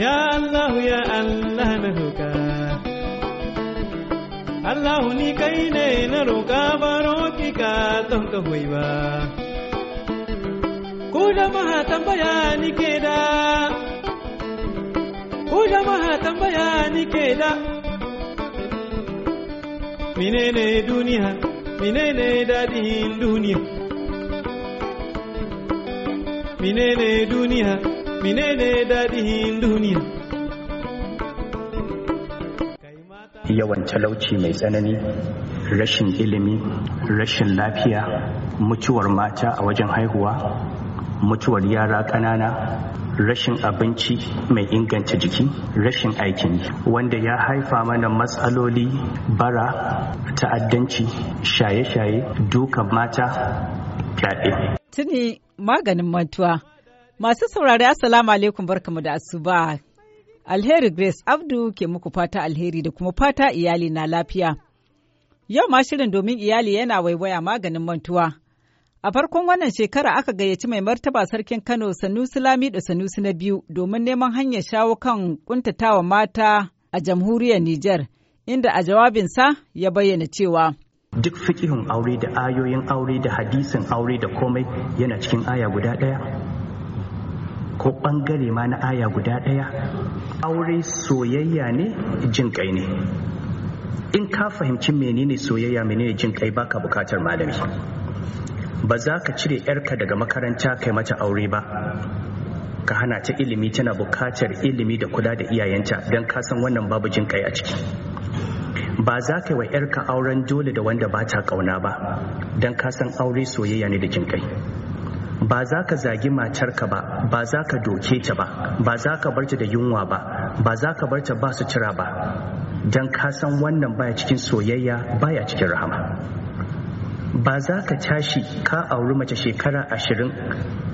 Ya Allah ya Allah na roƙa Allah ni kai ne na roƙa baro ki ka don ba Ku jama'a tambaya ni ke da Ku tambaya ni duniya duniya duniya menene daɗin duniya yawan talauci mai tsanani rashin ilimi rashin lafiya mutuwar mata a wajen haihuwa mutuwar yara ƙanana rashin abinci mai inganta jiki rashin aikin wanda ya haifa mana matsaloli bara ta'addanci shaye-shaye dukan mata fyaɗe. tuni maganin mantuwa Masu saurari Assalamu alaikum barkamu da asuba. Alheri Grace Abdu ke muku fata alheri da kuma fata iyali na lafiya. Yau ma shirin domin iyali yana waiwaya maganin mantuwa. A farkon wannan shekara aka gayyaci mai martaba sarkin Kano Sanusi Lami da Sanusi na biyu domin neman hanyar shawo kan kuntatawa mata a jamhuriyar Nijar, inda a jawabinsa ya bayyana cewa. duk fikihun aure da ayoyin aure da hadisin aure da komai yana cikin aya guda ɗaya ko bangare ma na aya guda ɗaya aure soyayya ne jin kai ne in ka fahimci menene soyayya menene jin kai baka bukatar malami ba za ka cire yarka daga makaranta kai mata aure ba ka hana ta ilimi tana bukatar ilimi da kula da iyayenta don ka san wannan babu jin kai a ciki ba za ka wa yarka auren dole da wanda ba ta kauna ba don ka san aure soyayya ne da jin kai ba za ka zagi matarka ba ba za ka doke ta ba ba za ka barta da yunwa ba ba za ka barta ba su cira ba don ka san wannan baya cikin soyayya baya cikin rahama ba za ka tashi ka auri mace shekara ashirin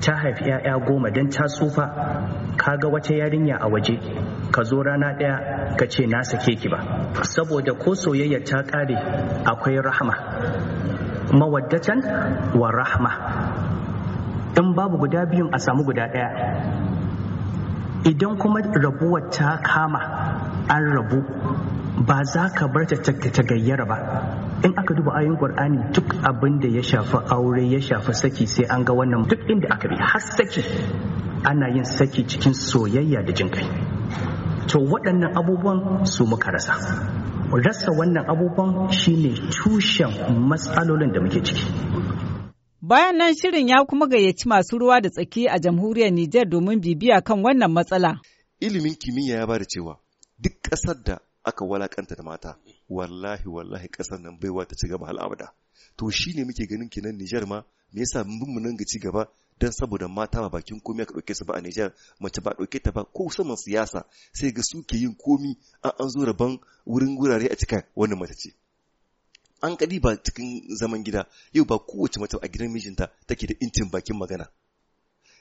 ta haifi 'ya'ya goma don ta tsufa ka ga wata yarinya a waje ka zo rana ɗaya ka ce na sake ki ba saboda ko soyayya ta ƙare akwai rahama mawaddatan wa rahama. in babu guda biyun a samu guda ɗaya idan kuma rabuwar ta kama an rabu ba za ka bar ta ta gayyara ba in aka duba ayin qur'ani duk abin da ya shafi aure ya shafi saki sai an ga wannan duk inda aka bi har saki ana yin saki cikin soyayya da jin kai to waɗannan abubuwan su muka rasa rasa wannan abubuwan shine tushen matsalolin da muke ciki Bayan nan shirin ya kuma gayyaci masu ruwa da tsaki a jamhuriyar Nijar domin bibiya kan wannan matsala. Ilimin kimiyya ya bada cewa duk ƙasar da aka walakanta da mata wallahi wallahi ƙasar nan baiwa ta ci gaba al'abada. To shi ne muke ganin kenan Nijar ma me yasa mun mun ga ci gaba dan saboda mata ba bakin komai aka ɗauke su ba a Nijar mace ba ɗauke ta ba ko saman siyasa sai ga suke yin komi an an zo rabon wurin gurare a cika wannan mace ce. an kadi ba cikin zaman gida yau ba kowace mata a gidan mijinta take da intin bakin magana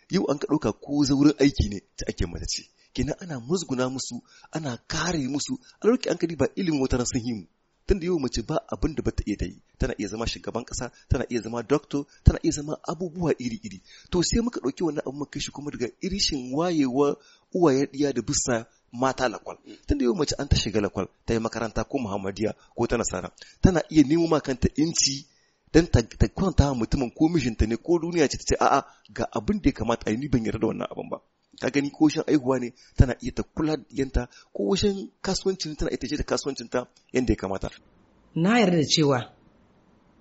yau an ka ɗauka ko zaurin aiki ne ta ake mata ce kenan ana musguna musu ana kare musu a lokacin an kadi ba ilimin wata sun himu tunda yau mace ba abin da bata iya ta yi tana iya zama shugaban kasa tana iya zama doctor tana iya zama abubuwa iri-iri to sai muka ɗauki wannan abu muka shi kuma daga irishin wayewa Uwa ya ɗiya da bisa mata lakwal mm. tunda yau mace an ta shiga lakwal ta yi makaranta ko muhammadiya ko ta nasara tana iya nemo ma kanta inci dan ta kwanta mutumin ko mijinta ne ko duniya ce ta ce a'a ga abin da ya kamata a ni ban yarda da wannan abin ba ka gani ko shan aihuwa ne tana iya ta kula da yanta ko washin kasuwancin tana iya ta da kasuwancin ta yanda ya kamata na yarda da cewa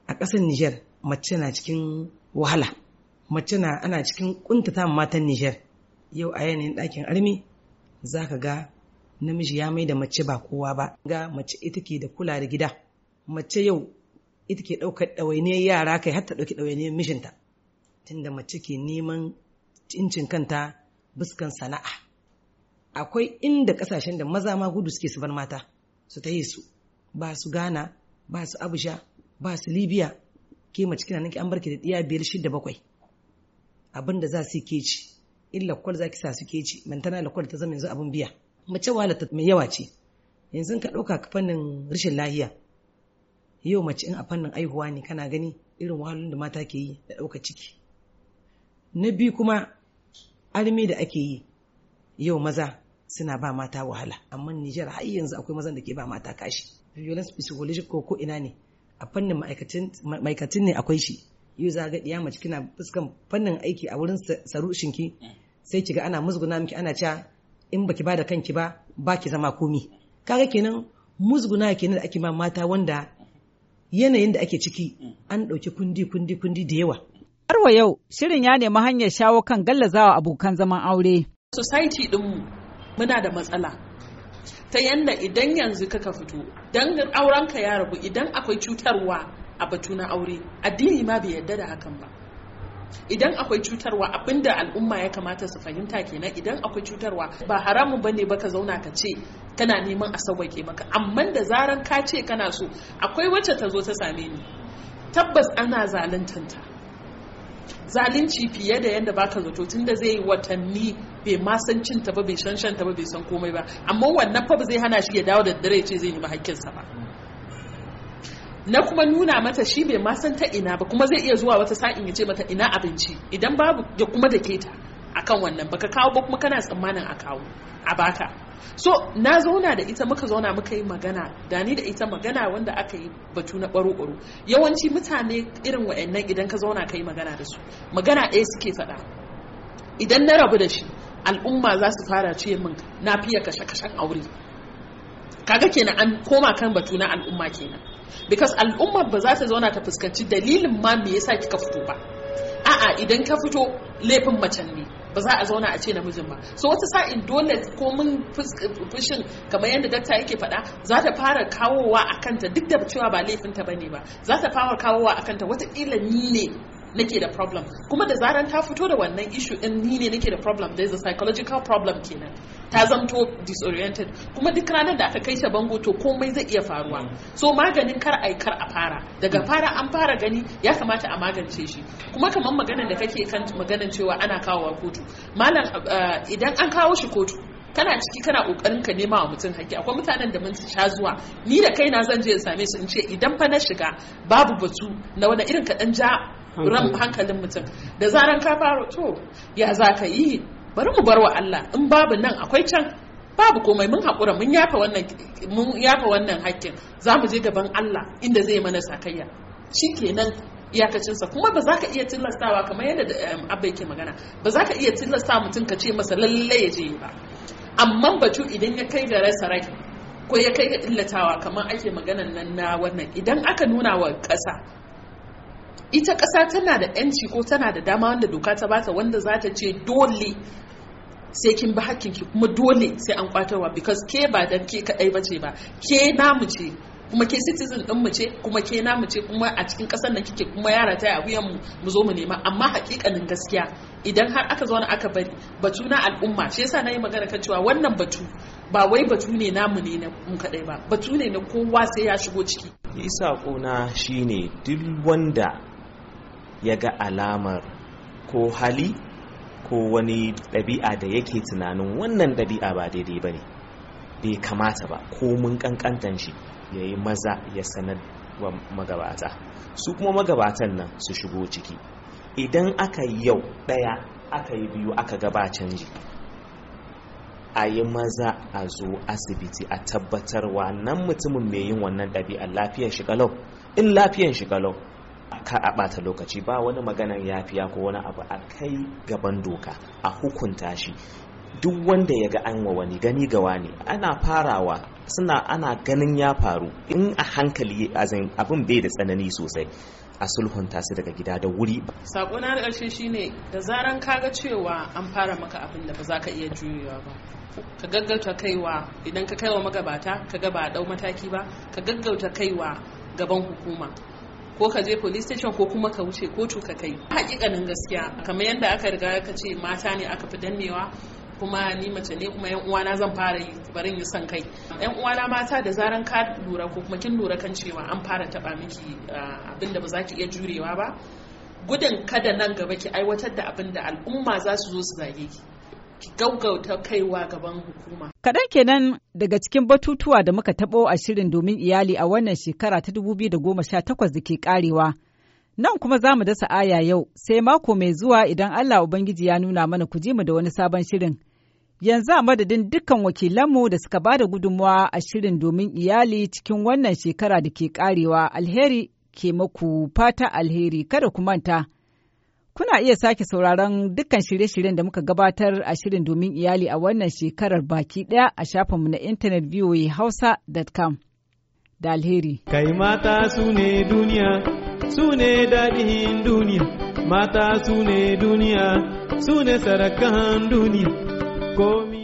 a ƙasar Nijar mace na cikin wahala mace na ana cikin kuntata matan Nijar yau a yanayin ɗakin armi za ka ga namiji ya mai da mace ba kowa ba ga mace ita ke da kula da gida mace yau ita ke ɗaukar ɗawainiyar yara kai har ta ɗauki ɗawainiyar mijinta tunda mace ke neman cincin kanta buskan sana'a akwai inda ƙasashen da maza ma gudu suke su bar mata su ta su ba su ghana ba su abuja ba su libya ke mace kina nan ki an barke da ɗiya biyar shida bakwai abin da za su ke ci in lakwal za ki sa suke ci mantana lakwal ta zama yanzu abin biya mace wahala ta mai yawa ce yanzu ka ɗauka ka fannin rashin lahiya yau mace in a fannin aihuwa ne kana gani irin wahalun da mata ke yi da ɗauka ciki na biyu kuma armi da ake yi yau maza suna ba mata wahala amma Nijar har yanzu akwai mazan da ke ba mata kashi violence psychological ko ina ne a fannin ma'aikatan ne akwai shi yau za ga diya mace kina fuskan fannin aiki a wurin sarushinki sai kiga ana musguna miki ana cewa in baki ba da kanki ba baki zama komi kaga kenan musguna kenan da ake ma mata wanda yanayin da ake ciki an ɗauki kundi kundi kundi da yawa har wa yau shirin ya nemi hanyar shawo kan gallazawa abokan zaman aure. Society mu muna da matsala ta yanda idan yanzu kaka fito dan aurenka ya rabu idan akwai cutarwa a batu na aure addini ma bai yarda da hakan ba. idan akwai cutarwa abinda al'umma ya kamata su fahimta kenan idan akwai cutarwa ba haramun ne ba ka zauna ka ce kana neman a sauwaƙe maka amma da zaran ka ce kana so akwai wacce ta zo ta same ni tabbas ana zaluntanta zalunci fiye da yadda baka zato da zai yi watanni bai ma san cinta ba bai san shan ba bai san komai ba amma wannan fa ba zai hana shi ya dawo da dare ce zai nemi hakkinsa ba na kuma nuna mata shi bai ma san ta ina ba kuma zai iya zuwa wata sa'in ya ce mata ina abinci idan babu ya kuma da keta akan wannan baka kawo ba kuma kana tsammanin a kawo a baka so na zauna da ita muka zauna muka yi magana da ni da ita magana wanda aka yi batu na baro baro yawanci mutane irin wa'annan idan ka zauna ka yi magana da su magana ɗaya suke faɗa idan na rabu da shi al'umma za su fara ce min na fiye kashe kashen aure kaga kenan an koma kan batu na al'umma kenan because al'umma ba za ta zauna ta fuskanci dalilin ma me yasa kika fito ba a'a idan ka fito laifin macen ne ba za a zauna a ce namijin ba so wata sa'in dole ko mun fushin kamar yadda dakta yake faɗa za ta fara kawowa a kanta duk da cewa ba laifinta ba ne ba za ta fara kawowa a kanta watakila ni ne nake da problem kuma da zaran ta fito da wannan issue din ni ne nake da problem there is a psychological problem kenan ta zamto disoriented kuma duk ranar da aka kai ta bango to komai zai iya faruwa so maganin kar ai kar a fara daga fara an fara gani ya kamata a magance shi kuma kamar maganar da kake kan maganar cewa ana kawowa kotu malam eh, idan an kawo shi kotu kana ciki kana kokarin ka nema wa mutum haƙƙi akwai mutanen da mun sha zuwa ni da kaina zan je in same su in ce idan fa na shiga babu batu na wani irin ka ja ran hankalin mutum da zaran ka fara to ya za ka yi bari mu bar wa Allah in babu nan akwai can babu komai mun haƙura mun yafa wannan mun yafa wannan hakkin za mu je gaban Allah inda zai mana sakayya shikenan iyakacinsa kuma ba za ka iya tilastawa kamar yadda um, abba yake magana ba za ka iya tilasta mutum ka ce masa lalle ya je ba amma batu idan ya kai ga rasa rai ko ya kai ga illatawa kamar ake maganan nan na wannan idan aka nuna wa ƙasa ita ƙasa tana da 'yanci ko tana da dama wanda doka ta bata wanda za ta ce dole sai kin bi ki kuma dole sai an kwatarwa because ke ba dan ke kadai ba ce ba ke namu ce kuma ke citizen din mu ce kuma ke namu ce kuma a cikin kasar da kike kuma yara ta yi mu mu zo mu nema amma hakikanin gaskiya idan har aka zauna aka bari batu na al'umma shi yasa yi magana kan cewa wannan batu ba wai batu ne namu ne na mu kadai ba batu ne na kowa sai ya shigo ciki isa kona shine duk wanda ya ga alamar ko hali ko wani ɗabi'a da yake tunanin wannan ɗabi'a ba daidai ba ne bai kamata ba ko mun ƙanƙantan shi ya yi maza ya sanar wa magabata su kuma magabatan nan su shigo ciki idan aka yi yau ɗaya aka yi biyu aka gaba canji a yi maza a zo asibiti a tabbatar wa nan mutumin mai yin wannan ɗabi'a lafiyar shi kalau in lafiyar shi kalau ka a ɓata lokaci ba wani maganar yafiya ko wani abu a kai gaban doka a hukunta shi duk wanda ya ga an wa wani gani gawa ne ana farawa suna ana ganin ya faru in a hankali abin bai da tsanani sosai a sulhunta su daga gida da wuri ba. sako na ƙarshe shine da zaran kaga cewa an fara maka abin da ba za ka iya juyewa ba ka gaggauta kaiwa idan ka kaiwa magabata ka ga ba a dau mataki ba ka gaggauta kaiwa gaban hukuma ko ka je police station ko kuma ka wuce kotu ka kai hakikanin gaskiya kamar yadda aka riga ka ce mata ne aka fi dannewa kuma ni mace ne kuma yan uwana zan fara yi barin yi san kai yan uwana mata da zaran ka lura ko kuma kin lura kan cewa an fara taba miki abin da ba za ki iya jurewa ba gudun kada nan gaba ki aiwatar da abin da al'umma za su zo su zage ki gaugauta kaiwa gaban hukuma. Kaɗan kenan daga cikin batutuwa da muka taɓo a shirin domin iyali a wannan shekara ta dubu biyu da goma sha ke karewa Nan kuma za mu dasa aya yau sai mako mai zuwa idan Allah Ubangiji ya nuna mana ku ji mu da wani sabon shirin. Yanzu a madadin dukkan wakilanmu da suka ba da gudunmawa a shirin domin iyali cikin wannan shekara da ke karewa alheri ke maku fata alheri kada ku manta. Kuna iya sake sauraron dukkan shirye-shiryen da muka gabatar a shirin domin iyali a wannan shekarar baki ɗaya a shafinmu na intanet hausa.com. da alheri. Kai mata su ne duniya, su ne daɗin duniya, mata su ne duniya, su ne sarakan duniya, komi.